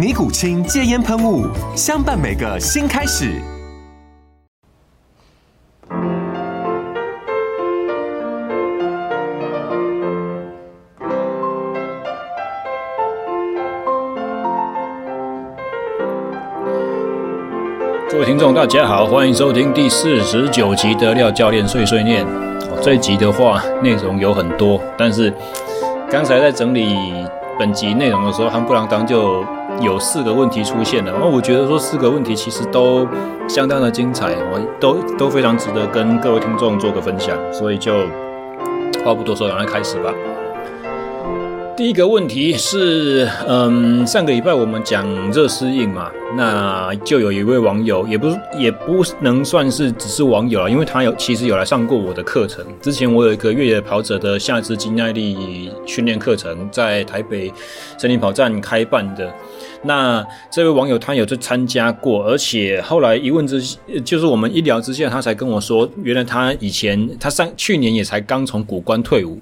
尼古清戒菸噴霧，相伴每個新開始。各位聽眾，大家好，歡迎收聽第四十九集的廖教練碎碎念。哦，這一集的話內容有很多，但是剛才在整理本集內容的時候，漢布朗當就。有四個問題出現了，那我覺得說四個問題其實都相當的精彩，我都都非常值得跟各位聽眾做個分享，所以就話不多說，讓來開始吧。第一個問題是，嗯，上個禮拜我們講熱適應嘛，那就有一位網友，也不也不能算是只是網友啊，因為他有其實有來上過我的課程，之前我有一個越野跑者的下肢肌耐力訓練課程，在台北森林跑站開辦的。那這位網友他有就參加過，而且後來一問之，就是我們一聊之下，他才跟我說，原來他以前他上去年也才剛從谷關退伍，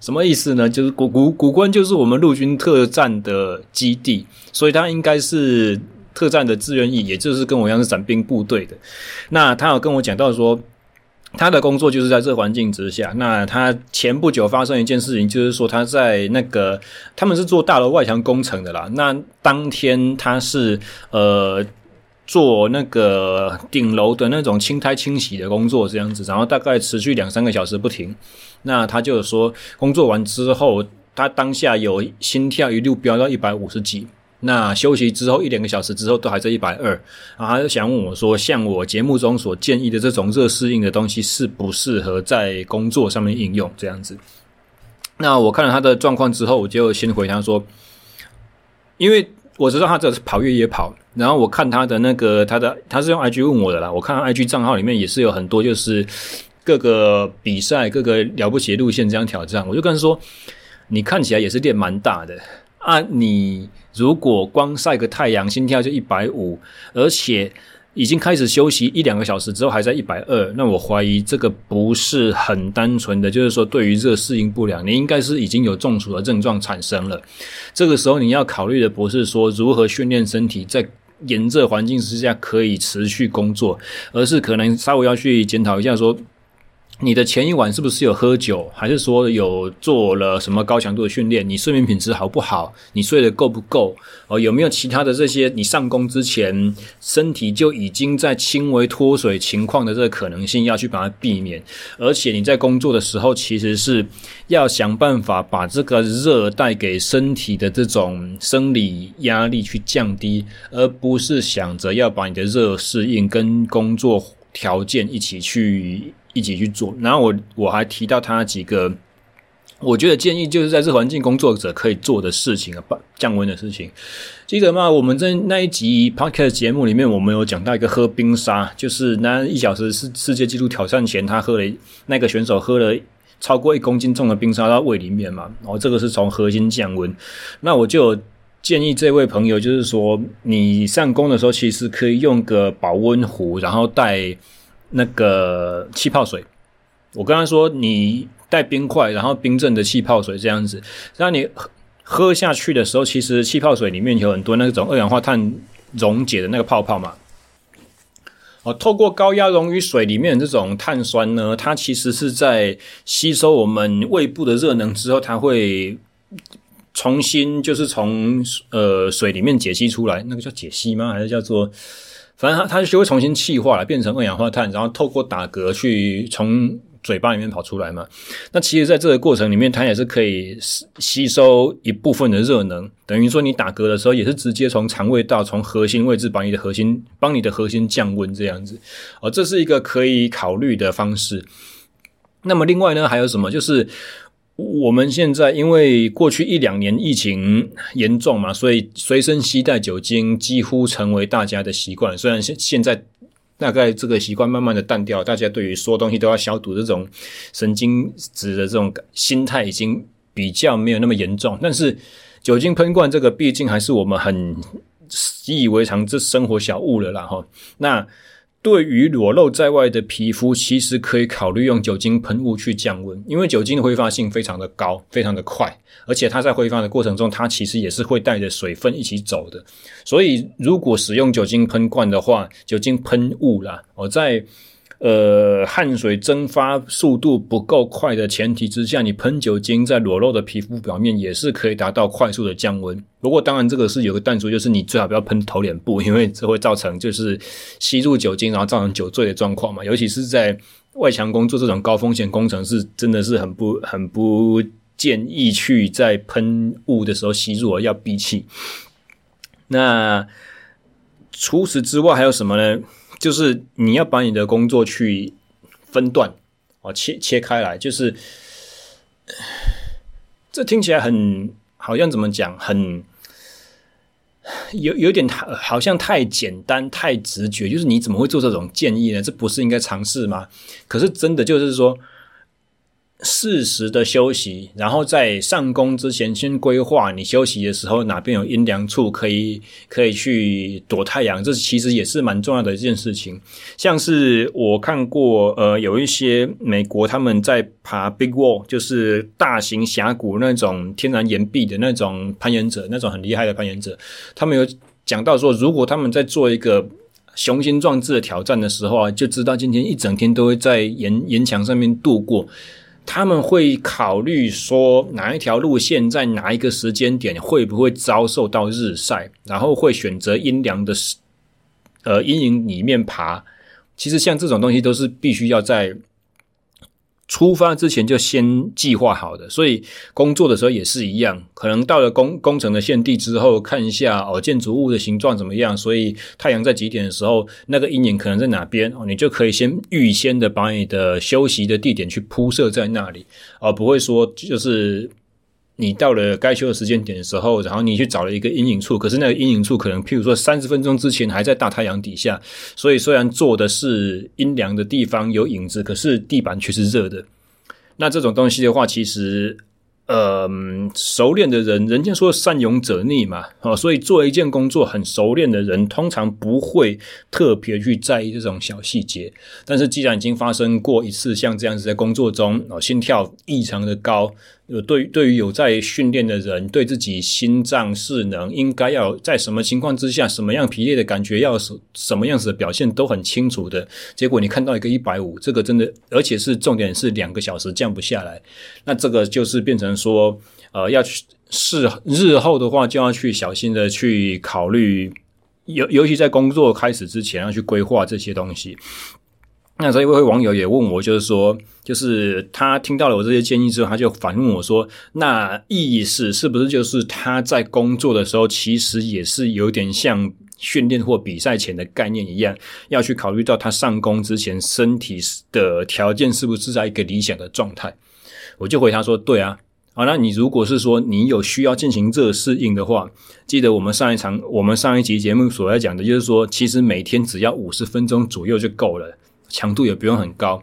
什麼意思呢？就是谷谷谷關就是我們陸軍特戰的基地，所以他應該是特戰的志願役，也就是跟我一樣是傘兵部隊的。那他有跟我講到說。他的工作就是在這環境之下。那他前不久發生一件事情，就是說他在那個他們是做大樓外牆工程的啦。那當天他是呃做那個頂樓的那種青苔清洗的工作，這樣子，然後大概持續兩三個小時不停。那他就說工作完之後，他當下有心跳一路飆到一百五十幾。那休息之後一兩個小時之後都還在一百二，然後他就想問我說：“像我節目中所建議的這種熱適應的東西，適不適合在工作上面應用？”這樣子。那我看了他的狀況之後，我就先回他說：“因為我知道他這是跑越野跑，然後我看他的那個他的他是用 IG 問我的啦。我看 IG 賬號裡面也是有很多就是各個比賽、各個了不起的路線這樣挑戰。我就跟他說：‘你看起來也是練蠻大的啊，你。’如果光曬個太陽，心跳就一百五，而且已經開始休息一兩個小時之後還在一百二，那我懷疑這個不是很單純的，就是說對於熱適應不良，你應該是已經有中暑的症狀產生了。這個時候你要考慮的不是說如何訓練身體，在炎熱環境之下可以持續工作，而是可能稍微要去檢討一下說。你的前一晚是不是有喝酒，還是說有做了什麼高強度的訓練？你睡眠品質好不好？你睡得夠不夠？哦，有沒有其他的這些？你上工之前身體就已經在輕微脫水情況的這個可能性，要去把它避免。而且你在工作的時候，其實是要想辦法把這個熱帶給身體的這種生理壓力去降低，而不是想着要把你的熱適應跟工作條件一起去。一起去做，然後我我還提到他幾個，我覺得建議就是在熱環境工作者可以做的事情、降溫的事情。記得嘛，我們在那一集 podcast 節目裡面，我們有講到一個喝冰沙，就是那一小時是世界紀錄挑戰前，他喝了那個選手喝了超過一公斤重的冰沙到胃裡面嘛。然後，哦，這個是從核心降溫，那我就建議這位朋友，就是說你上工的時候，其實可以用個保溫壺，然後帶。那個氣泡水，我剛才說你帶冰塊，然後冰鎮的氣泡水這樣子，讓你喝喝下去的時候，其實氣泡水裡面有很多那種二氧化碳溶解的那個泡泡嘛。哦，透過高壓溶於水裡面的這種碳酸呢，它其實是在吸收我們胃部的熱能之後，它會重新就是從呃水裡面解析出來，那個叫解析嗎？還是叫做？反正它它就會重新氣化了，變成二氧化碳，然後透過打嗝去從嘴巴裡面跑出來嘛。那其實，在這個過程裡面，它也是可以吸吸收一部分的熱能，等於說你打嗝的時候，也是直接從腸胃道從核心位置把你的核心幫你的核心降溫這樣子。哦，這是一個可以考慮的方式。那麼，另外呢，還有什麼？就是。我們現在因為過去一兩年疫情嚴重嘛，所以隨身攜帶酒精幾乎成為大家的習慣。雖然現在大概這個習慣慢慢的淡掉，大家對於說東西都要消毒這種神經質的這種心態已經比較沒有那麼嚴重。但是酒精噴罐這個畢竟還是我們很習以為常這生活小物了啦，齁。那。對於裸露在外的皮膚，其實可以考慮用酒精噴霧去降溫，因為酒精的揮發性非常的高，非常的快，而且它在揮發的過程中，它其實也是會帶着水分一起走的，所以如果使用酒精噴罐的話，酒精噴霧啦，我、哦、在。呃，汗水蒸發速度不夠快的前提之下，你噴酒精在裸露的皮膚表面也是可以達到快速的降溫。不過，當然這個是有個但書，就是你最好不要噴頭臉部，因為這會造成就是吸入酒精，然後造成酒醉的狀況嘛。尤其是在外牆工作這種高風險工程，是真的是很不很不建議去在噴霧的時候吸入，要閉氣。那除此之外還有什麼呢？就是你要把你的工作去分段，哦，切切開來。就是這聽起來很好像怎麼講，很有有點好像太簡單、太直覺。就是你怎麼會做這種建議呢？這不是應該嘗試嗎？可是真的就是說。適時的休息，然後在上工之前先規劃，你休息的時候哪邊有陰涼處可以可以去躲太陽，這其實也是蠻重要的一件事情。像是我看過，呃，有一些美國他們在爬 Big Wall，就是大型峽谷那種天然岩壁的那種攀岩者，那種很厲害的攀岩者，他們有講到說，如果他們在做一個雄心壯志的挑戰的時候啊，就知道今天一整天都會在岩岩牆上面度過。他們會考慮說哪一條路線在哪一個時間點會不會遭受到日曬，然後會選擇陰涼的，呃，陰影裡面爬。其實像這種東西都是必須要在。出發之前就先計劃好的，所以工作的時候也是一樣。可能到了工工程的現地之後，看一下哦建築物的形狀怎麼樣，所以太陽在幾點的時候，那個陰影可能在哪邊哦，你就可以先預先的把你的休息的地點去鋪設在那裡，而、哦、不會說就是。你到了該休的時間點的時候，然後你去找了一個陰影處，可是那個陰影處可能，譬如說三十分鐘之前還在大太陽底下，所以雖然坐的是陰涼的地方有影子，可是地板卻是熱的。那這種東西的話，其實，呃，熟練的人，人家說善泳者溺嘛，哦，所以做一件工作很熟練的人，通常不會特別去在意這種小細節。但是既然已經發生過一次，像這樣子在工作中，哦，心跳異常的高。有對對於有在訓練的人，對自己心臟適能應該要在什麼情況之下，什麼樣疲累的感覺，要什什麼樣子的表現都很清楚的。結果你看到一個一百五，這個真的，而且是重點是兩個小時降不下來，那這個就是變成說，呃，要去是日後的話就要去小心的去考慮，尤尤其在工作開始之前要去規劃這些東西。那這一位網友也問我，就是說，就是他聽到了我這些建議之後，他就反問我說：“那意思是是不是就是他在工作的時候，其實也是有點像訓練或比賽前的概念一樣，要去考慮到他上工之前身體的條件是不是在一個理想的狀態？”我就回他說：“對啊，啊，那你如果是說你有需要進行熱適應的話，記得我們上一場我們上一集節目所要講的就是說，其實每天只要五十分鐘左右就夠了。”強度也不用很高，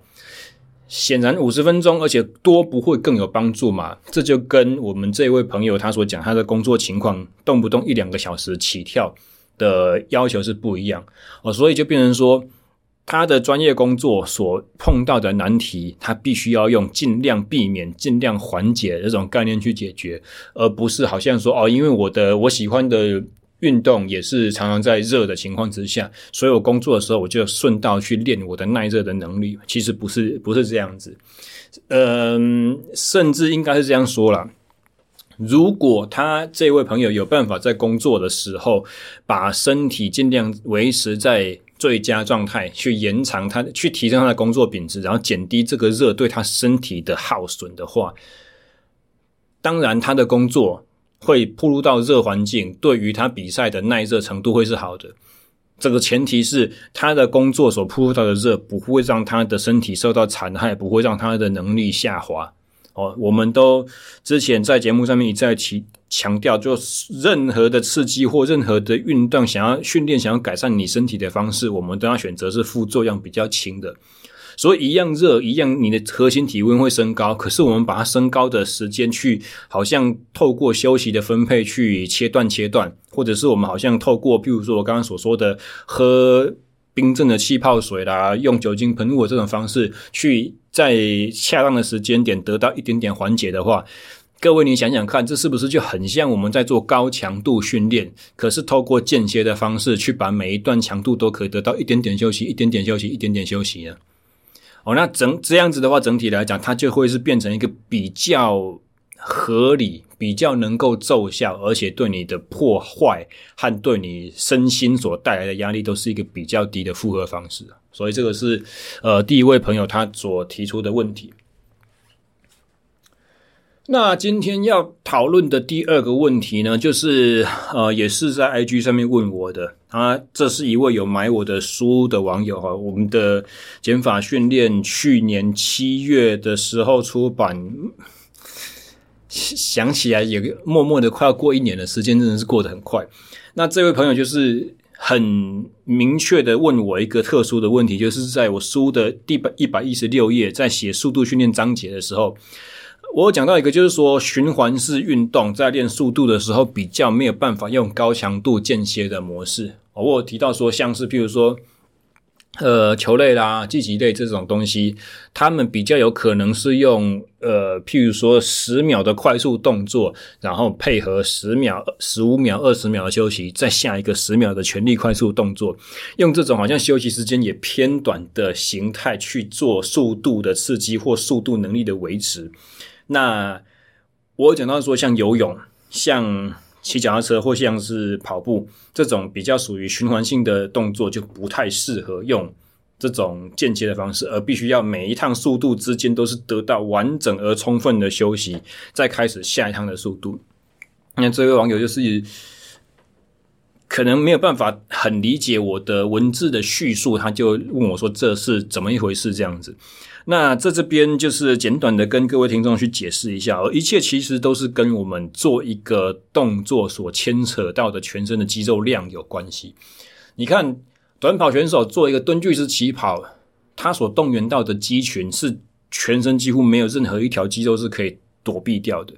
顯然五十分鐘而且多不會更有幫助嘛。這就跟我們這位朋友他所講他的工作情況，動不動一兩個小時起跳的要求是不一樣哦，所以就變成說，他的專業工作所碰到的難題，他必須要用盡量避免、盡量緩解這種概念去解決，而不是好像說哦，因為我的我喜歡的。運動也是常常在熱的情況之下，所以我工作的時候，我就順道去練我的耐熱的能力。其實不是不是這樣子，嗯，甚至應該是這樣說啦。如果他這位朋友有辦法在工作的時候，把身體盡量維持在最佳狀態，去延長他去提升他的工作品質，然後減低這個熱對他身體的耗損的話，當然他的工作。會暴露到熱環境，對於他比賽的耐熱程度會是好的，這個前提是他的工作所暴露到的熱不會讓他的身體受到殘害，不會讓他的能力下滑。哦，我們都之前在節目上面一再強調，就任何的刺激或任何的運動，想要訓練、想要改善你身體的方式，我們都要選擇是副作用比較輕的。所以一樣熱，一樣你的核心體溫會升高。可是我們把它升高的時間去，好像透過休息的分配去切斷切斷，或者是我們好像透過，比如說我剛剛所說的喝冰鎮的氣泡水啦，用酒精噴霧的這種方式，去在恰當的時間點得到一點點緩解的話，各位你想想看，這是不是就很像我們在做高強度訓練，可是透過間歇的方式去把每一段強度都可以得到一點點休息，一點點休息，一點點休息呢？哦，那整這樣子的話，整體來講，它就會是變成一個比較合理、比較能夠奏效，而且對你的破壞和對你身心所帶來的壓力都是一個比較低的負荷方式。所以，這個是呃第一位朋友他所提出的問題。那今天要討論的第二個問題呢，就是呃，也是在 IG 上面問我的。他，啊，這是一位有買我的書的網友哈，我們的減法訓練去年七月的時候出版，想起來也默默的快要過一年的時間，真的是過得很快。那這位朋友就是很明確的問我一個特殊的問題，就是在我書的第一百一十六頁，在寫速度訓練章節的時候。我有講到一個，就是說循環式運動在練速度的時候，比較沒有辦法用高強度間歇的模式。哦，我有提到說，像是譬如說，呃，球類啦、競技類這種東西，他們比較有可能是用呃，譬如說十秒的快速動作，然後配合十秒、十五秒、二十秒的休息，再下一個十秒的全力快速動作，用這種好像休息時間也偏短的形態去做速度的刺激或速度能力的維持。那我有講到說，像游泳、像騎腳踏車或像是跑步這種比較屬於循環性的動作，就不太適合用這種間接的方式，而必須要每一趟速度之間都是得到完整而充分的休息，再開始下一趟的速度。那這位網友就是可能沒有辦法很理解我的文字的敘述，他就問我說：“這是怎麼一回事？”這樣子。那在這邊就是簡短的跟各位聽眾去解釋一下，而一切其實都是跟我們做一個動作所牽扯到的全身的肌肉量有關係。你看，短跑選手做一個蹲踞式起跑，他所動員到的肌群是全身幾乎沒有任何一條肌肉是可以躲避掉的。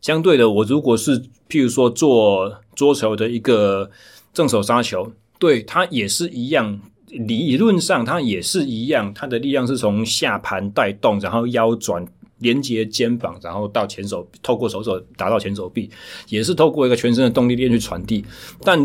相對的，我如果是譬如說做桌球的一個正手殺球，對，它也是一樣。理論上，它也是一樣，它的力量是從下盤帶動，然後腰轉連接肩膀，然後到前手，透過手肘達到前手臂，也是透過一個全身的動力鏈去傳遞。但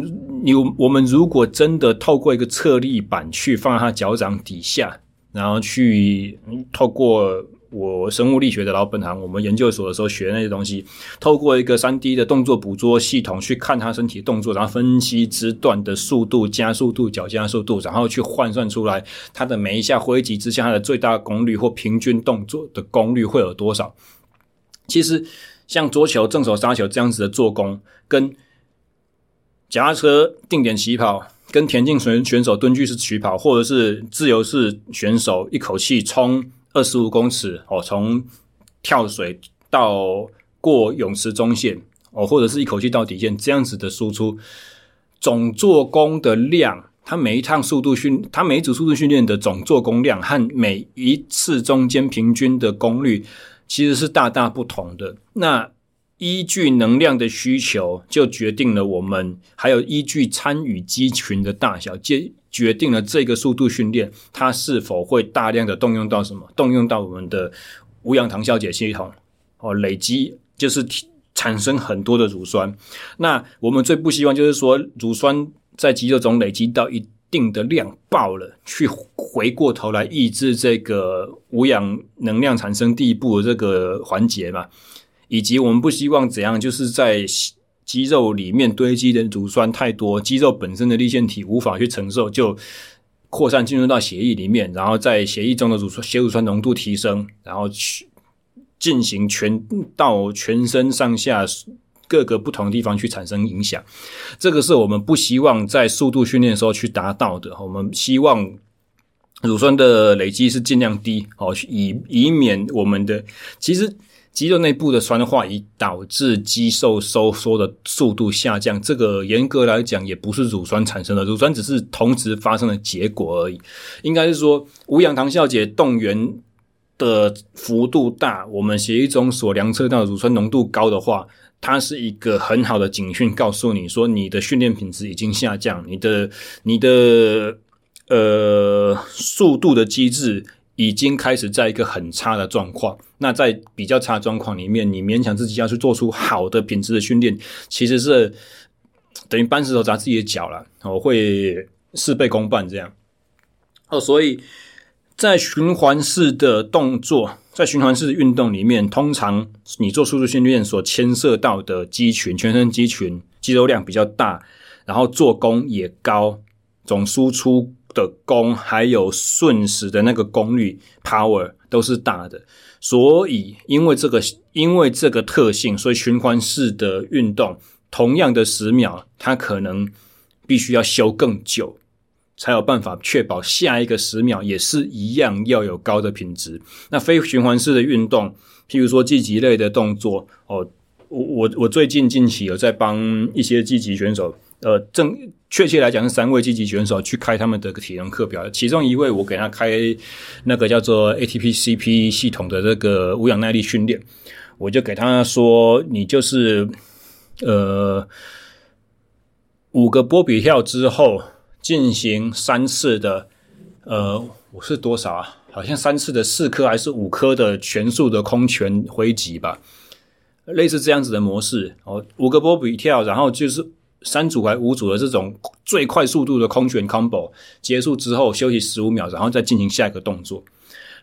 有我們如果真的透過一個測力板，去放在他腳掌底下，然後去、嗯、透過。我生物力學的老本行，我們研究所的時候學那些東西，透過一個三 D 的動作捕捉系統去看他身體動作，然後分析肢段的速度、加速度、角加速度，然後去換算出來他的每一下揮擊之下，它的最大的功率或平均動作的功率會有多少。其實，像桌球正手殺球這樣子的做工，跟腳踏車定點起跑，跟田徑選選手蹲踞式起跑，或者是自由式選手一口氣衝。二十五公尺哦，從跳水到過泳池中線哦，或者是一口氣到底線這樣子的輸出，總做功的量，它每一趟速度訓，它每一組速度訓練的總做功量和每一次中間平均的功率，其實是大大不同的。那依據能量的需求，就決定了我們還有依據參與肌群的大小，決定了這個速度訓練，它是否會大量的動用到什麼？動用到我們的無氧糖酵解系統，哦，累積就是產生很多的乳酸。那我們最不希望就是說乳酸在肌肉中累積到一定的量爆了，去回過頭來抑制這個無氧能量產生第一步的這個環節嘛。以及我們不希望怎樣，就是在。肌肉裡面堆積的乳酸太多，肌肉本身的粒線體無法去承受，就擴散進入到血液裡面，然後在血液中的乳酸、血乳酸濃度提升，然後去進行全到全身上下各個不同的地方去產生影響。這個是我們不希望在速度訓練的時候去達到的。我們希望乳酸的累積是儘量低，以以免我們的其實。肌肉內部的酸化已導致肌肉收縮的速度下降。這個嚴格來講也不是乳酸產生的，乳酸只是同時發生的結果而已。應該是說，無氧糖酵解動員的幅度大，我們血液中所量測到乳酸濃度高的話，它是一個很好的警訊，告訴你說你的訓練品質已經下降，你的你的呃速度的機制。已經開始在一個很差的狀況，那在比較差的狀況裡面，你勉強自己要去做出好的品質的訓練，其實是等於搬石頭砸自己的腳了，我、哦、會事倍功半這樣。哦，所以在循環式的動作，在循環式運動裡面，通常你做輸出訓練所牽涉到的肌群，全身肌群，肌肉量比較大，然後做工也高，總輸出，的功還有瞬時的那個功率 （power） 都是大的，所以因為這個，因為這個特性，所以循環式的運動，同樣的十秒，它可能必須要休更久，才有辦法確保下一個十秒也是一樣要有高的品質。那非循環式的運動，譬如說技擊類的動作，哦，我我我最近近期有在幫一些技擊選手，呃正。確切來講是三位積極選手去開他們的體能課表，其中一位我給他開那個叫做 ATPCP 系統的這個無氧耐力訓練，我就給他說，你就是呃五個波比跳之後進行三次的呃我是多少啊？好像三次的四顆還是五顆的全速的空拳揮擊吧，類似這樣子的模式哦，五個波比跳，然後就是。三組還五組的這種最快速度的空拳 combo 結束之後，休息十五秒，然後再進行下一個動作。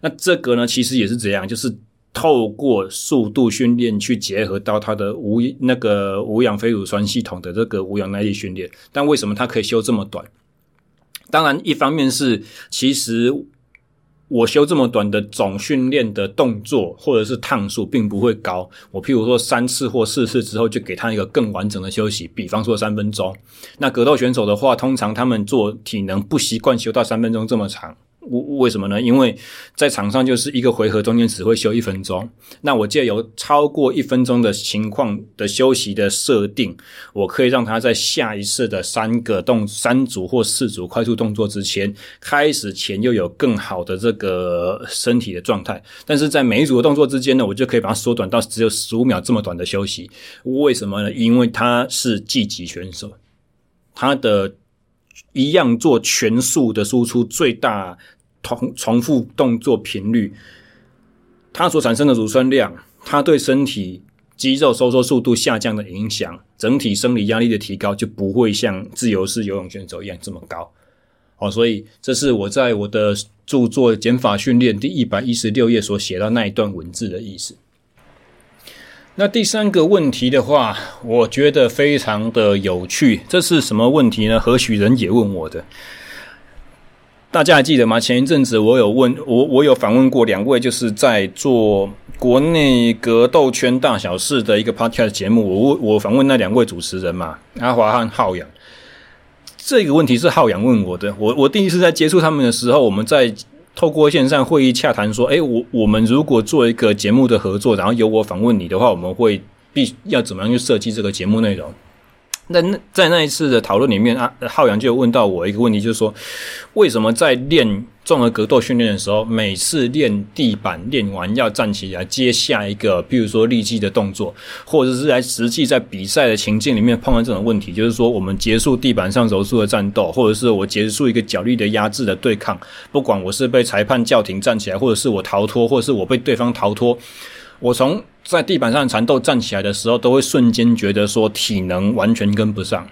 那這個呢，其實也是這樣，就是透過速度訓練去結合到它的無那個無氧非乳酸系統的這個無氧耐力訓練。但為什麼它可以休這麼短？當然，一方面是其實。我修這麼短的總訓練的動作，或者是趟數，並不會高。我譬如說三次或四次之後，就給他一個更完整的休息，比方說三分鐘。那格鬥選手的話，通常他們做體能不習慣修到三分鐘這麼長。為為什麼呢？因為在場上就是一個回合中間只會休一分鐘。那我借由超過一分鐘的情況的休息的設定，我可以讓他在下一次的三個動三組或四組快速動作之前開始前又有更好的這個身體的狀態。但是在每一組的動作之間呢，我就可以把它縮短到只有十五秒這麼短的休息。為什麼呢？因為他是技擊選手，他的。一樣做全速的輸出，最大重複動作頻率，它所產生的乳酸量，它對身體肌肉收縮速度下降的影響，整體生理壓力的提高就不會像自由式游泳選手一樣這麼高。哦，所以這是我在我的著作《減法訓練》第一百一十六頁所寫到那一段文字的意思。那第三個問題的話，我覺得非常的有趣。這是什麼問題呢？何許人也問我的？大家還記得嗎？前一陣子我有問我，我有訪問過兩位，就是在做國內格鬥圈大小事的一個 Podcast 節目。我我訪問那兩位主持人嘛，阿華和浩洋。這個問題是浩洋問我的。我我第一次在接觸他們的時候，我們在。透過線上會議洽談，說：“誒、欸，我我們如果做一個節目的合作，然後由我訪問你的話，我們會必要怎麼樣去設計這個節目內容？”但那那在那一次的討論裡面啊，浩洋就問到我一個問題，就是說為什麼在練。綜合格鬥訓練的時候，每次練地板練完要站起來接下一個，比如說立技的動作，或者是來實際在比賽的情境裡面碰到這種問題，就是說我們結束地板上柔術的戰鬥，或者是我結束一個角力的壓制的對抗，不管我是被裁判叫停站起來，或者是我逃脫，或者是我被對方逃脫，我從在地板上的纏鬥站起來的時候，都會瞬間覺得說體能完全跟不上。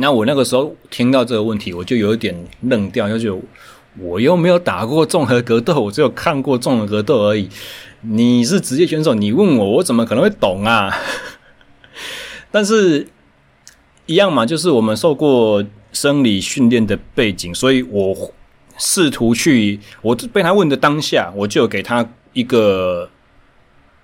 那我那個時候聽到這個問題，我就有一點愣掉，就覺得我又沒有打過綜合格鬥，我只有看過綜合格鬥而已。你是職業選手，你問我，我怎麼可能會懂啊？ 但是一樣嘛，就是我們受過生理訓練的背景，所以我試圖去，我被他問的當下，我就給他一個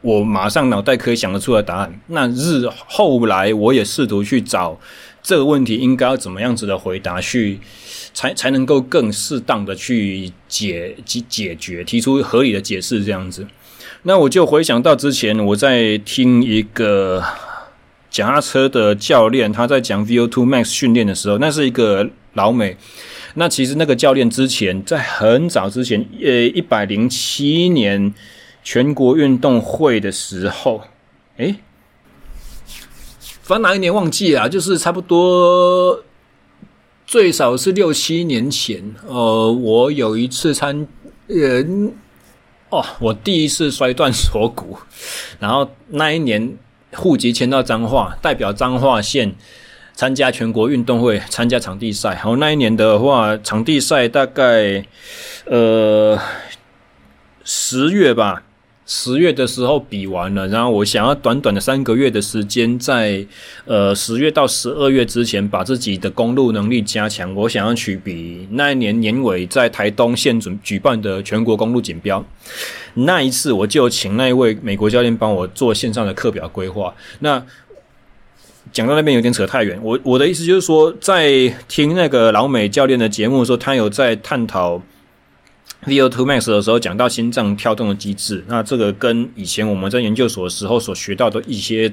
我馬上腦袋可以想得出來的答案。那日後來，我也試圖去找。這個問題應該要怎麼樣子的回答去，去才才能夠更適當的去解及解決，提出合理的解釋這樣子。那我就回想到之前我在聽一個駕車的教練，他在講 VO2 max 訓練的時候，那是一個老美。那其實那個教練之前在很早之前，呃，一百零七年全國運動會的時候，誒。反正哪一年忘記啦、啊，就是差不多最少是六七年前。呃，我有一次參，呃，哦，我第一次摔斷鎖骨，然後那一年戶籍遷到彰化，代表彰化縣參加全國運動會，參加場地賽。然後那一年的話，場地賽大概呃十月吧。十月的時候比完了，然後我想要短短的三個月的時間在，在呃十月到十二月之前，把自己的公路能力加強。我想要去比那一年年尾在台東縣舉舉辦的全國公路錦標。那一次我就請那一位美國教練幫我做線上的課表規劃。那講到那邊有點扯太遠，我我的意思就是說，在聽那個老美教練的節目的時候，他有在探討。VO2 Max 的時候講到心臟跳動的機制，那這個跟以前我們在研究所的時候所學到的一些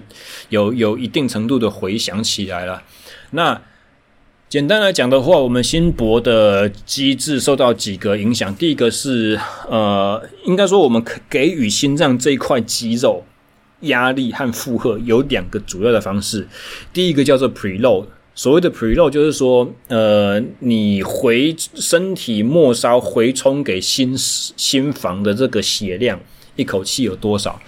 有有一定程度的回想起來了。那簡單來講的話，我們心搏的機制受到幾個影響。第一個是呃，應該說我們給予心臟這一塊肌肉壓力和負荷有兩個主要的方式。第一個叫做 preload。所謂的 preload 就是說，呃，你回身體末梢回充給心室、心房的這個血量，一口氣有多少？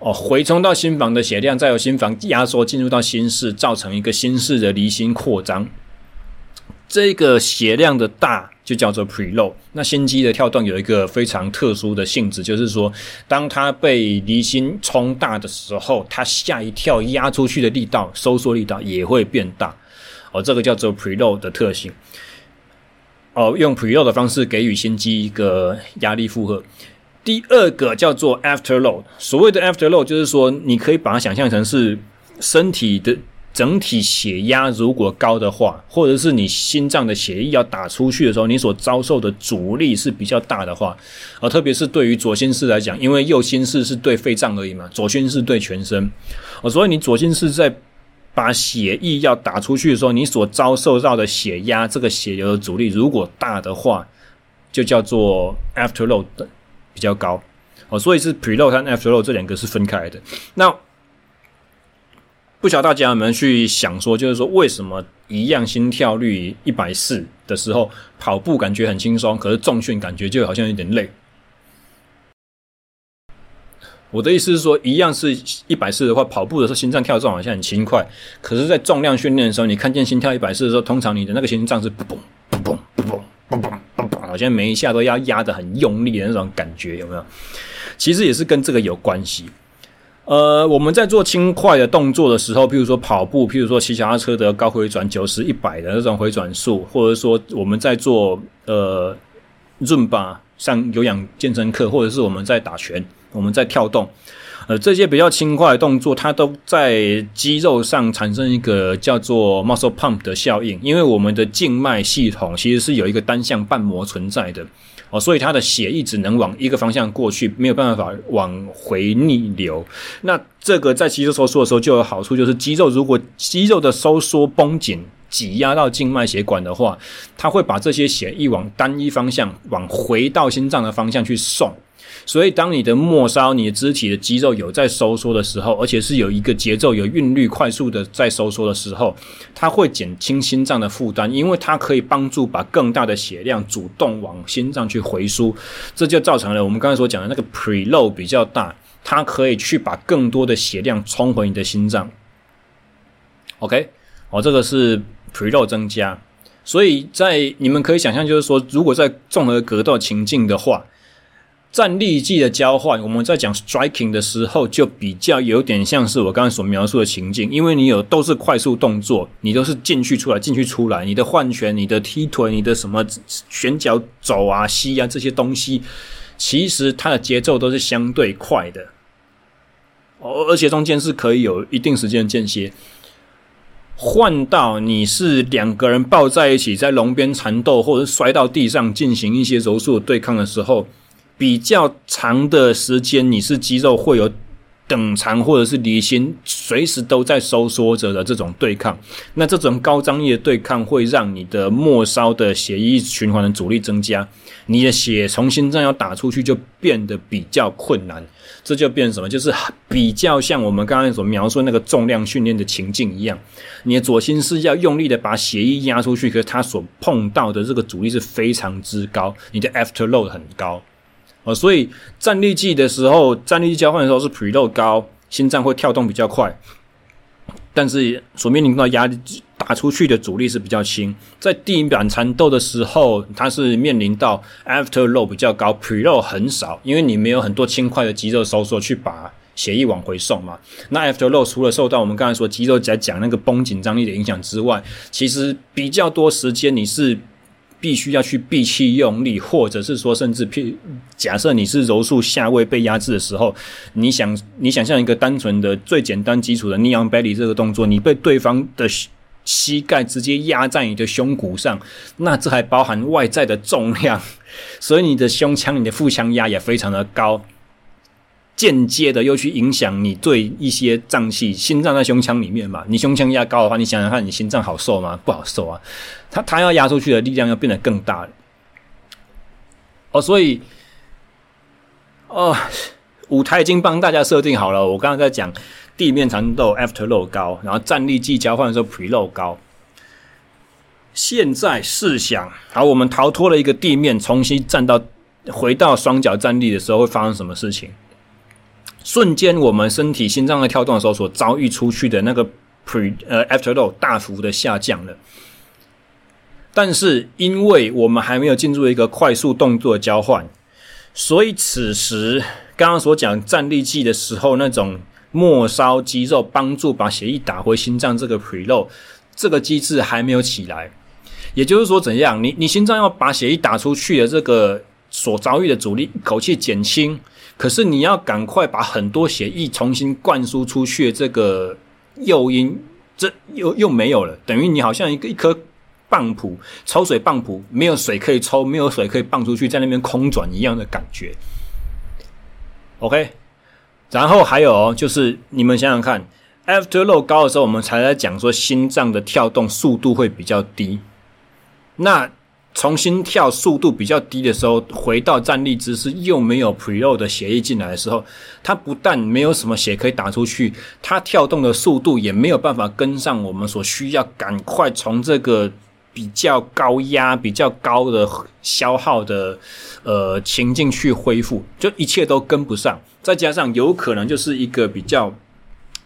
哦，回充到心房的血量，再由心房壓縮進入到心室，造成一個心室的離心擴張。這個血量的大就叫做 preload。那心肌的跳動有一個非常特殊的性質，就是說，當它被離心衝大的時候，它下一跳壓出去的力道、收縮力道也會變大。哦，這個叫做 preload 的特性。哦，用 preload 的方式給予心肌一個壓力負荷。第二個叫做 afterload。所謂的 afterload，就是說，你可以把它想象成是身體的。整體血壓如果高的話，或者是你心臟的血液要打出去的時候，你所遭受的阻力是比較大的話，啊，特別是對於左心室來講，因為右心室是對肺臟而已嘛，左心室對全身，哦，所以你左心室在把血液要打出去的時候，你所遭受到的血壓，這個血流的阻力如果大的話，就叫做 afterload 比較高，哦，所以是 preload 和 afterload 這兩個是分開的，那。不曉得大家有沒有去想說，就是說為什麼一樣心跳率一百四的時候，跑步感覺很輕鬆，可是重訓感覺就好像有點累。我的意思是說，一樣是一百四的話，跑步的時候心臟跳動好像很輕快，可是，在重量訓練的時候，你看見心跳一百四的時候，通常你的那個心臟是砰砰砰砰砰砰砰砰，好像每一下都要壓得很用力的那種感覺，有沒有？其實也是跟這個有關係。呃，我們在做輕快的動作的時候，譬如說跑步，譬如說騎腳踏車的高迴轉九十、一百的那種迴轉數，或者說我們在做呃潤吧像有氧健身課，或者是我們在打拳、我們在跳動，呃，這些比較輕快的動作，它都在肌肉上產生一個叫做 muscle pump 的效應，因為我們的靜脈系統其實是有一個單向瓣膜存在的。哦，所以他的血液只能往一個方向過去，沒有辦法往回逆流。那這個在肌肉收縮的時候就有好處，就是肌肉如果肌肉的收縮繃緊，擠壓到靜脈血管的話，它會把這些血液往單一方向，往回到心臟的方向去送。所以，當你的末梢、你的肢體的肌肉有在收縮的時候，而且是有一個節奏、有韻律、快速的在收縮的時候，它會減輕心臟的負擔，因為它可以幫助把更大的血量主動往心臟去回輸，這就造成了我們剛才所講的那個 preload 比較大，它可以去把更多的血量衝回你的心臟。OK，哦，這個是 preload 增加，所以在你們可以想象，就是說，如果在綜合格鬥情境的話。站立技的交換，我們在講 striking 的時候，就比較有點像是我剛剛所描述的情境，因為你有都是快速動作，你都是進去出來，進去出來，你的換拳、你的踢腿、你的什麼旋腳肘啊、膝啊這些東西，其實它的節奏都是相對快的。而且中間是可以有一定時間的間歇，換到你是兩個人抱在一起在籠邊纏鬥，或者摔到地上進行一些柔術的對抗的時候，比較長的時間，你是肌肉會有等長或者是離心，隨時都在收縮着的這種對抗。那這種高張力的對抗會讓你的末梢的血液循環的阻力增加，你的血從心臟要打出去就變得比較困難。這就變什麼？就是比較像我們剛才所描述那個重量訓練的情境一樣，你的左心室要用力的把血液壓出去，可是它所碰到的這個阻力是非常之高，你的 after load 很高。哦，所以站立技的時候，站立交換的時候是 preload 高，心臟會跳動比較快，但是所面臨到壓力打出去的阻力是比較輕。在地板纏鬥的時候，它是面臨到 afterload 比較高，preload 很少，因為你沒有很多輕快的肌肉收縮去把血液往回送嘛。那 afterload 除了受到我們剛才說肌肉在講那個繃緊張力的影響之外，其實比較多時間你是。必須要去閉氣用力，或者是說，甚至假設你是柔術下位被壓制的時候，你想，你想像一個單純的、最簡單基礎的 knee on belly 這個動作，你被對方的膝蓋直接壓在你的胸骨上，那這還包含外在的重量，所以你的胸腔、你的腹腔壓也非常的高。間接的又去影響你對一些臟器，心臟在胸腔裡面嘛。你胸腔壓高的話，你想想看，你心臟好受嗎？不好受啊！它它要壓出去的力量要變得更大了。哦，所以哦，舞台已經幫大家設定好了。我剛剛在講地面纏鬥 afterload 高，然後站立技交換的時候 preload 高。現在試想，好，我們逃脫了一個地面，重新站到回到雙腳站立的時候，會發生什麼事情？瞬間，我們身體心臟在跳動的時候所遭遇出去的那個 pre 呃、uh, afterload 大幅的下降了，但是因為我們還沒有進入一個快速動作的交換，所以此時剛剛所講站立肌的時候那種末梢肌肉幫助把血液打回心臟這個 preload 這個機制還沒有起來，也就是說怎樣你？你你心臟要把血液打出去的這個所遭遇的阻力一口氣減輕。可是你要趕快把很多血液重新灌輸出去這，這個誘因這又又沒有了，等於你好像一個一顆泵浦，抽水泵浦，沒有水可以抽，沒有水可以泵出去，在那邊空轉一樣的感覺。OK，然後還有、哦、就是你們想想看，afterload 高的時候，我們才在講說心臟的跳動速度會比較低，那。重新跳，速度比較低的時候，回到站立姿勢又沒有 preload 的血液進來的時候，它不但沒有什麼血可以打出去，它跳動的速度也沒有辦法跟上我們所需要趕快從這個比較高壓、比較高的消耗的呃情境去恢復，就一切都跟不上。再加上有可能就是一個比較。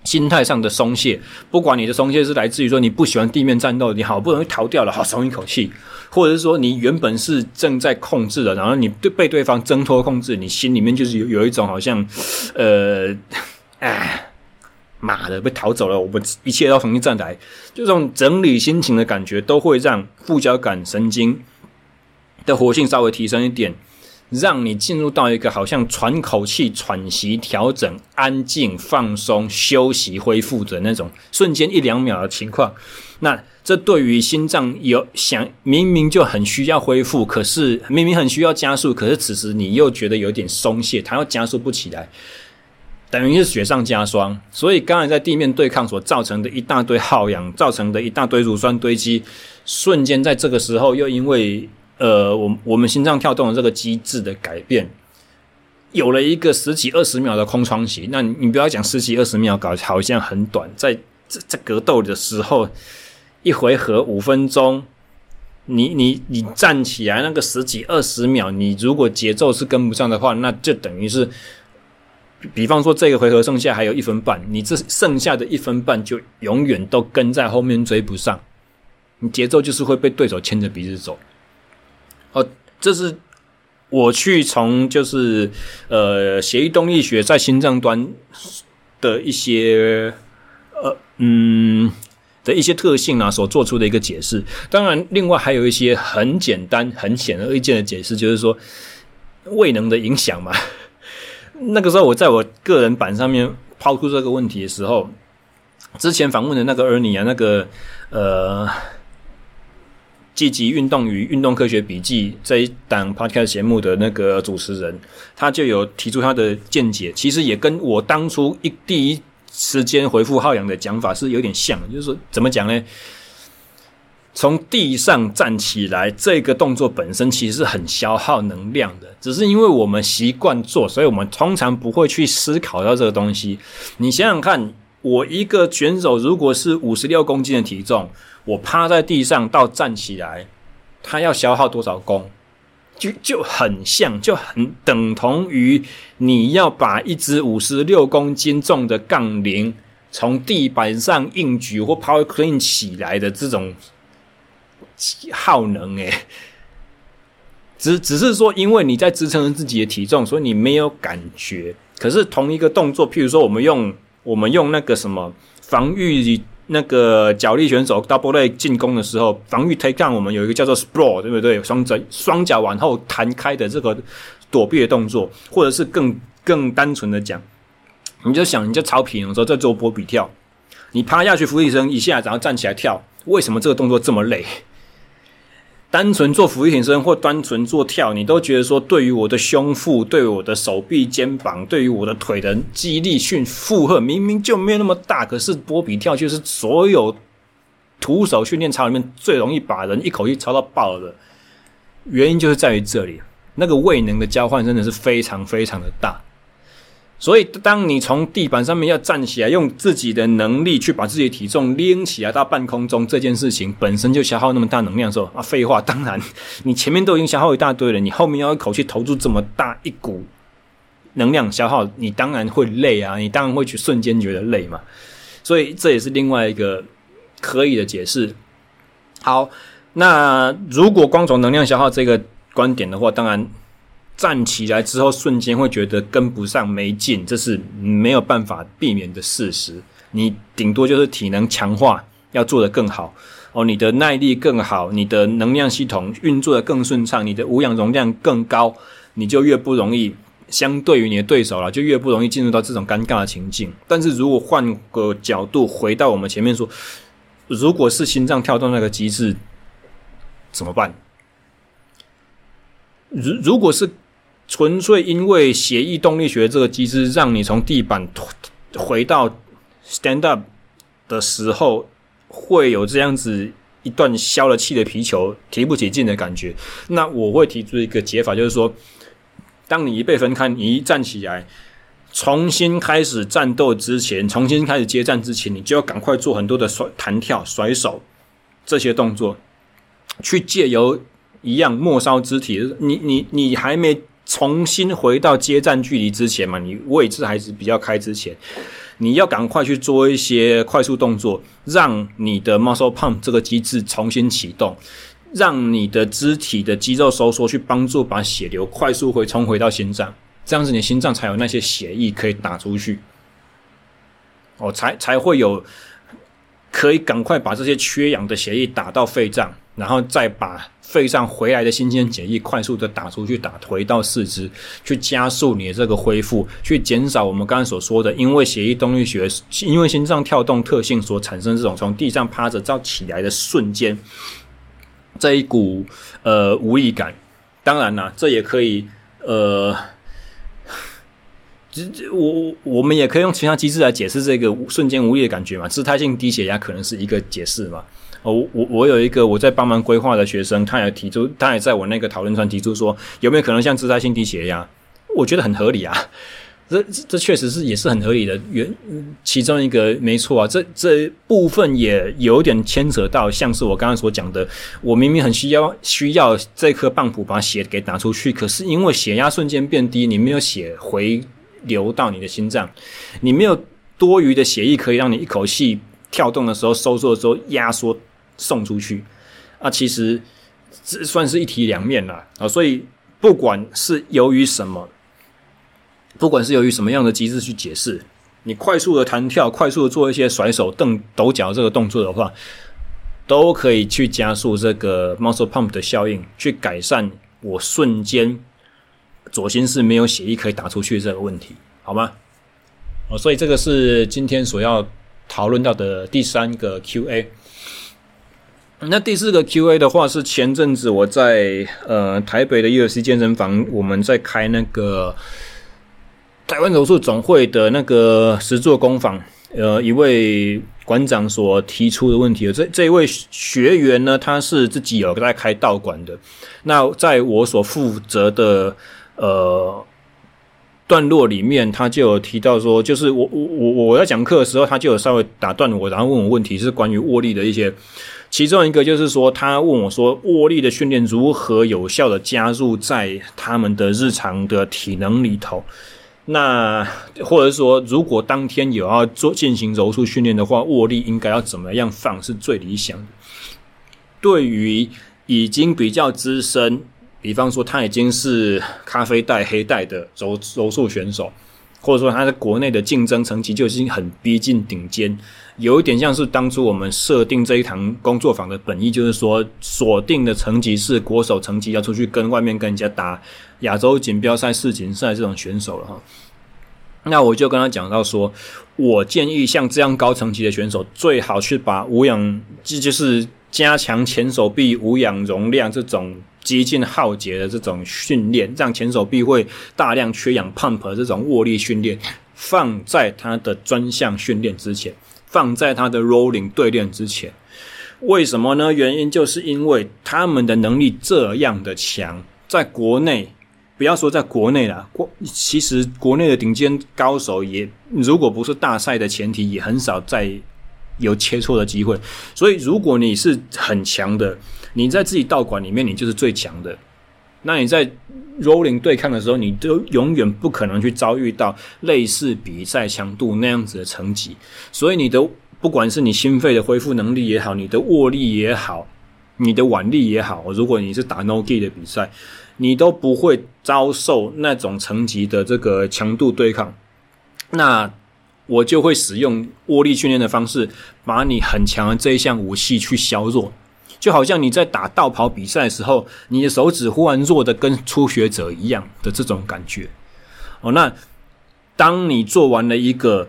心態上的鬆懈，不管你的鬆懈是來自於說你不喜歡地面戰鬥，你好不容易逃掉了，好鬆一口氣，或者是說你原本是正在控制的，然後你對被對方掙脫控制，你心裡面就是有有一種好像，呃，哎，媽的，被逃走了，我們一切都重新再來，就這種整理心情的感覺，都會讓副交感神經的活性稍微提升一點。讓你進入到一個好像喘口氣、喘息、調整、安靜、放鬆、休息、恢復的那種瞬間一兩秒的情況。那這對於心臟有想明明就很需要恢復，可是明明很需要加速，可是此時你又覺得有點鬆懈，它又加速不起來，等於是雪上加霜。所以剛才在地面對抗所造成的一大堆耗氧，造成的一大堆乳酸堆積，瞬間在這個時候又因為。呃，我我們心臟跳動的這個機制的改變，有了一個十幾二十秒的空窗期。那你，你不要講十幾二十秒搞，搞好像很短，在在在格鬥的時候，一回合五分鐘，你你你站起來那個十幾二十秒，你如果節奏是跟不上的話，那就等於是，比方說這個回合剩下還有一分半，你這剩下的一分半就永遠都跟在後面追不上，你節奏就是會被對手牽着鼻子走。哦，這是我去從就是呃，血液動力學在心臟端的一些呃，嗯的一些特性啊，所做出的一個解釋。當然，另外還有一些很簡單、很顯而易見的解釋，就是說未能的影響嘛。那個時候，我在我個人版上面拋出這個問題的時候，之前訪問的那個兒女啊，那個呃。積極運動與運動科學筆記這一檔 Podcast 節目的那個主持人，他就有提出他的見解。其實也跟我當初一第一時間回復浩洋的講法是有點像，就是說怎麼講呢？從地上站起來這個動作本身其實是很消耗能量的，只是因為我們習慣做，所以我們通常不會去思考到這個東西。你想想看，我一個選手如果是五十六公斤的體重。我趴在地上到站起來，它要消耗多少功，就就很像，就很等同於你要把一隻五十六公斤重的槓鈴從地板上硬舉或 power clean 起來的這種耗能。欸。誒，只只是說，因為你在支撐自己的體重，所以你沒有感覺。可是同一個動作，譬如說，我們用我們用那個什麼防禦。那個角力選手 double leg 進攻的時候，防御 take down，我們有一個叫做 sprawl，對不對？雙腳雙腳往後彈開的這個躲避的動作，或者是更更單純的講，你就想，你就草坪的時候在做波比跳，你趴下去扶起身一下，然後站起來跳，為什麼這個動作這麼累？單純做伏地挺身或單純做跳，你都覺得說對於我的胸腹、對於我的手臂、肩膀、對於我的腿的肌力訓負荷，明明就沒有那麼大，可是波比跳卻是所有徒手訓練操裡面最容易把人一口氣操到爆的原因，就是在於這裡，那個位能的交換真的是非常非常的大。所以，當你從地板上面要站起來，用自己的能力去把自己的體重拎起來到半空中，這件事情本身就消耗那麼大能量的時候啊，廢話，當然你前面都已經消耗一大堆了，你後面要一口氣投入這麼大一股能量消耗，你當然會累啊，你當然會去瞬間覺得累嘛。所以這也是另外一個可以的解釋。好，那如果光從能量消耗這個觀點的話，當然。站起來之後，瞬間會覺得跟不上、沒勁，這是沒有辦法避免的事實。你頂多就是體能強化要做得更好哦，你的耐力更好，你的能量系統運作得更順暢，你的無氧容量更高，你就越不容易相對於你的對手了，就越不容易進入到這種尷尬的情境。但是如果換個角度，回到我們前面說，如果是心臟跳動那個機制怎麼辦？如如果是純粹因為血液動力學動力學這個機制，讓你從地板回到 stand up 的時候，會有這樣子一段消了氣的皮球提不起勁的感覺。那我會提出一個解法，就是說，當你一被分開，你一站起來，重新開始戰鬥之前，重新開始接戰之前，你就要趕快做很多的甩彈跳、甩手這些動作，去借由一樣末梢肢體，你你你還沒。重新回到接站距離之前嘛，你位置還是比較開之前，你要趕快去做一些快速動作，讓你的 muscle pump 這個機制重新啟動，讓你的肢體的肌肉收縮去幫助把血流快速回衝回到心臟，這樣子你心臟才有那些血液可以打出去，哦，才，才會有，可以趕快把這些缺氧的血液打到肺臟。然後再把肺上回來的新鮮血液快速的打出去打，打回到四肢，去加速你的這個恢復，去減少我們剛才所說的，因為血液動力學，因為心臟跳動特性所產生這種從地上趴着到起來的瞬間，這一股呃無力感。當然啦，這也可以呃，我我我們也可以用其他機制來解釋這個瞬間無力的感覺嘛，姿態性低血壓可能是一個解釋嘛。哦，我我有一個我在幫忙規劃的學生，他也提出，他也在我那個討論上提出說，有沒有可能像姿勢性低血壓？我覺得很合理啊，這這確實是也是很合理的。原其中一個沒錯啊，這這部分也有點牽扯到，像是我剛剛所講的，我明明很需要需要這顆幫浦把血給打出去，可是因為血壓瞬間變低，你沒有血回流到你的心臟，你沒有多餘的血液可以讓你一口氣跳動的時候收縮的時候壓縮，送出去，啊，其實這算是一體兩面了啊。所以不管是由於什麼，不管是由於什麼樣的機制去解釋，你快速的彈跳，快速的做一些甩手、蹬、抖腳這個動作的話，都可以去加速這個 muscle pump 的效應，去改善我瞬間左心室沒有血液可以打出去這個問題，好嗎？哦，所以這個是今天所要討論到的第三個 QA。那第四個 Q&A 的話是前陣子我在呃台北的 E.C. 健身房，我們在開那個台灣柔術總會的那個實作工坊，呃，一位館長所提出的問題。這這一位學員呢，他是自己有在開道館的。那在我所負責的呃段落裡面，他就有提到說，就是我我我我在講課的時候，他就有稍微打斷我，然後問我問題是關於握力的一些。其中一個就是說，他問我說：“握力的訓練如何有效地加入在他們的日常的體能裡頭？”那或者說，如果當天有要做進行柔術訓練的話，握力應該要怎麼樣放是最理想的？對於已經比較資深，比方說他已經是咖啡帶黑帶的柔柔術選手，或者說他在國內的競爭成績就已經很逼近頂尖。有一點像是當初我們設定這一堂工作坊的本意，就是說鎖定的層級是國手層級，要出去跟外面跟人家打亞洲錦標賽、世錦賽這種選手了哈。那我就跟他講到說，我建議像這樣高層級的選手，最好去把無氧，這就是加強前手臂無氧容量這種激進、耗竭的這種訓練，讓前手臂會大量缺氧 pump 的這種握力訓練，放在他的專項訓練之前。放在他的 rolling 對練之前，為什麼呢？原因就是因為他們的能力這樣的強，在國內，不要說在國內了，國其實國內的頂尖高手也，如果不是大賽的前提，也很少再有切磋的機會。所以，如果你是很強的，你在自己道館裡面，你就是最強的。那你在 rolling 對抗的時候，你都永遠不可能去遭遇到類似比賽強度那樣子的成績。所以你的不管是你心肺的恢復能力也好，你的握力也好，你的腕力也好，如果你是打 no gi 的比賽，你都不會遭受那種層級的這個強度對抗。那我就會使用握力訓練的方式，把你很強的這一項武器去削弱。就好像你在打道跑比賽的時候，你的手指忽然弱得跟初學者一樣的這種感覺。哦，那當你做完了一個，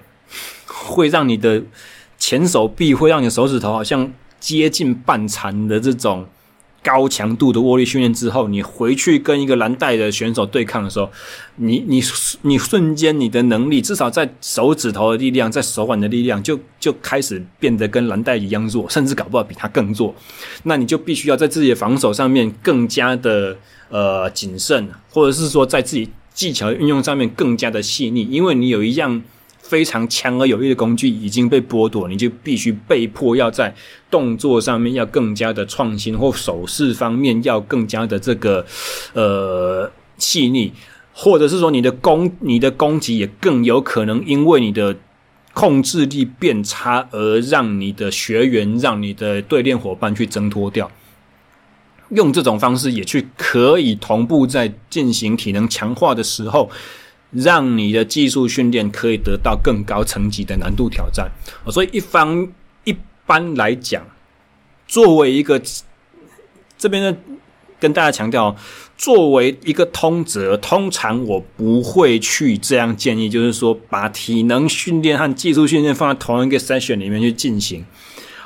會讓你的前手臂，會讓你的手指頭好像接近半殘的這種。高強度的握力訓練之後，你回去跟一個藍帶的選手對抗的時候，你你你瞬間你的能力，至少在手指頭的力量，在手腕的力量，就就開始變得跟藍帶一樣弱，甚至搞不好比他更弱。那你就必須要在自己的防守上面更加的呃謹慎，或者是說在自己技巧運用上面更加的細膩，因為你有一樣。非常強而有力的工具已經被剝奪，你就必須被迫要在動作上面要更加的創新，或手勢方面要更加的這個呃細膩，或者是說你的攻你的攻擊也更有可能因為你的控制力變差而讓你的學員、讓你的對練夥伴去掙脫掉。用這種方式也去可以同步在進行體能強化的時候。讓你的技術訓練可以得到更高層級的難度挑戰。所以一方一般來講，作為一個這邊呢，跟大家強調，作為一個通則，通常我不會去這樣建議，就是說把體能訓練和技術訓練放在同一個 session 裡面去進行，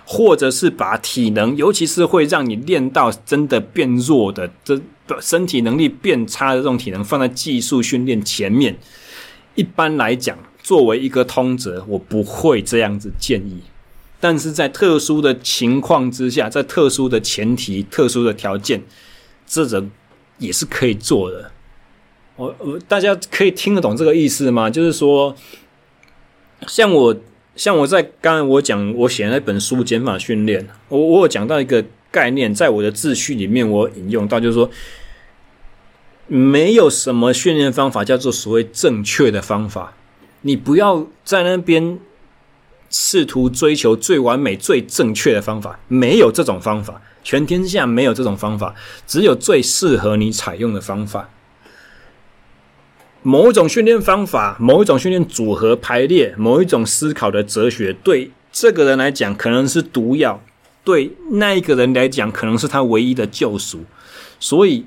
或者是把體能，尤其是會讓你練到真的變弱的這。把身體能力變差的這種體能放在技術訓練前面，一般來講，作為一個通則，我不會這樣子建議。但是在特殊的情況之下，在特殊的前提、特殊的條件，這種也是可以做的。我、哦、我大家可以聽得懂這個意思嗎？就是說，像我像我在剛才我講我寫的那本書減法訓練，我我有講到一個。概念在我的秩序裡面，我引用到就是說，沒有什麼訓練方法叫做所謂正確的方法。你不要在那邊試圖追求最完美、最正確的方法，沒有這種方法，全天下沒有這種方法，只有最適合你採用的方法。某一種訓練方法，某一種訓練組合排列，某一種思考的哲學，對這個人來講可能是毒藥。對那一個人來講，可能是他唯一的救贖，所以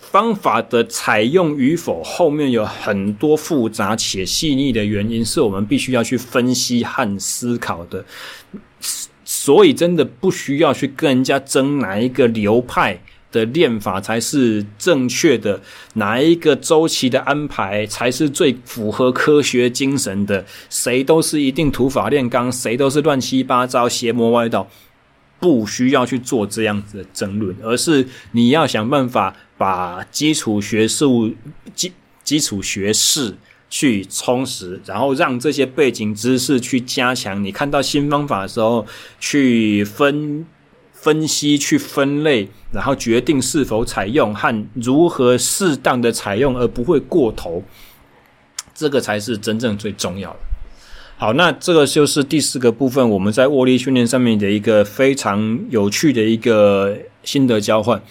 方法的採用與否，後面有很多複雜且細膩的原因，是我們必須要去分析和思考的。所以，真的不需要去跟人家爭哪一個流派的練法才是正確的，哪一個週期的安排才是最符合科學精神的。誰都是一定土法煉鋼，誰都是亂七八糟邪魔歪道。不需要去做這樣子的爭論，而是你要想辦法把基礎學術、基基礎學識去充實，然後讓這些背景知識去加強。你看到新方法的時候，去分分析、去分類，然後決定是否採用和如何適當的採用，而不會過頭。這個才是真正最重要的。好，那這個就是第四個部分，我們在握力訓練上面的一個非常有趣的一個心得交換。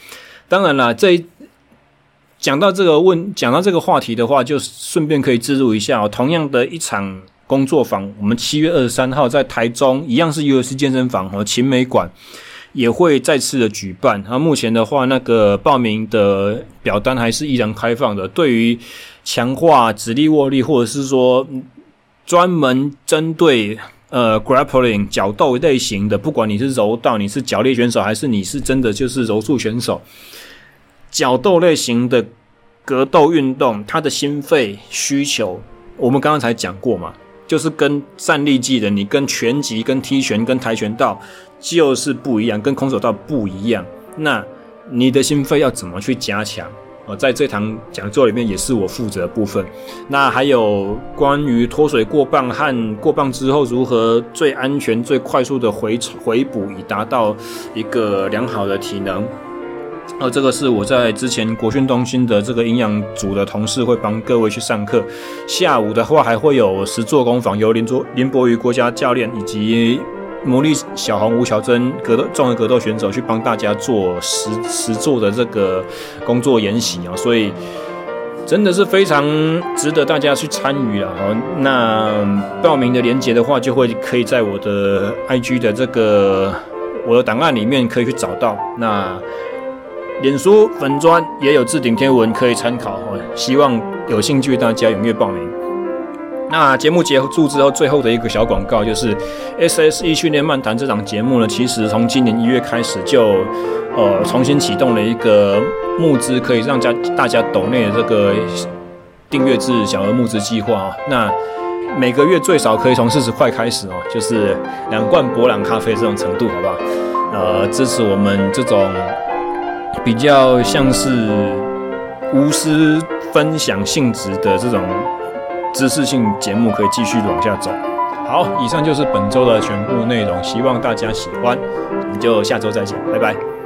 當然了，這一講到這個問，講到這個話題的話，就順便可以置入一下哦。同樣的一場工作坊，我們七月二十三號在台中，一樣是 US 健身房和琴美館也會再次的舉辦。那、啊、目前的話，那個報名的表單還是依然開放的。對於強化直立握力，或者是說，專門針對呃 grappling 角鬥類型的，不管你是柔道，你是角力選手，還是你是真的就是柔術選手，角鬥類型的格鬥運動，他的心肺需求，我們剛剛才講過嘛，就是跟站立技的，你跟拳擊、跟踢拳、跟跆拳道就是不一樣，跟空手道不一樣，那你的心肺要怎麼去加強？在這堂講座裡面也是我負責的部分，那還有關於脫水過磅和過磅之後如何最安全、最快速的回回補，以達到一個良好的體能。呃，這個是我在之前國訓中心的這個營養組的同事會幫各位去上課。下午的話，還會有實作工坊，由林卓林博宇國家教練以及。魔力小紅吳橋珍格鬥綜合格鬥選手去幫大家做實實做的這個工作研習啊，所以真的是非常值得大家去參與啊！那報名的鏈接的話，就會可以在我的 IG 的這個我的檔案裡面可以去找到。那臉書粉專也有置頂貼文可以參考哦。希望有興趣大家踴躍報名。那節目結束之後最後的一個小廣告就是，SSE 訓練漫談這檔節目呢，其實從今年一月開始就，呃，重新啟動了一個募資，可以讓家大家抖內的這個訂閱制小額募資計劃啊。那每個月最少可以從四十塊開始哦、啊，就是兩罐伯朗咖啡這種程度，好不好？呃，支持我們這種比較像是無私分享性質的這種。知識性節目可以繼續往下走。好，以上就是本週的全部內容，希望大家喜歡。我們就下週再見，拜拜。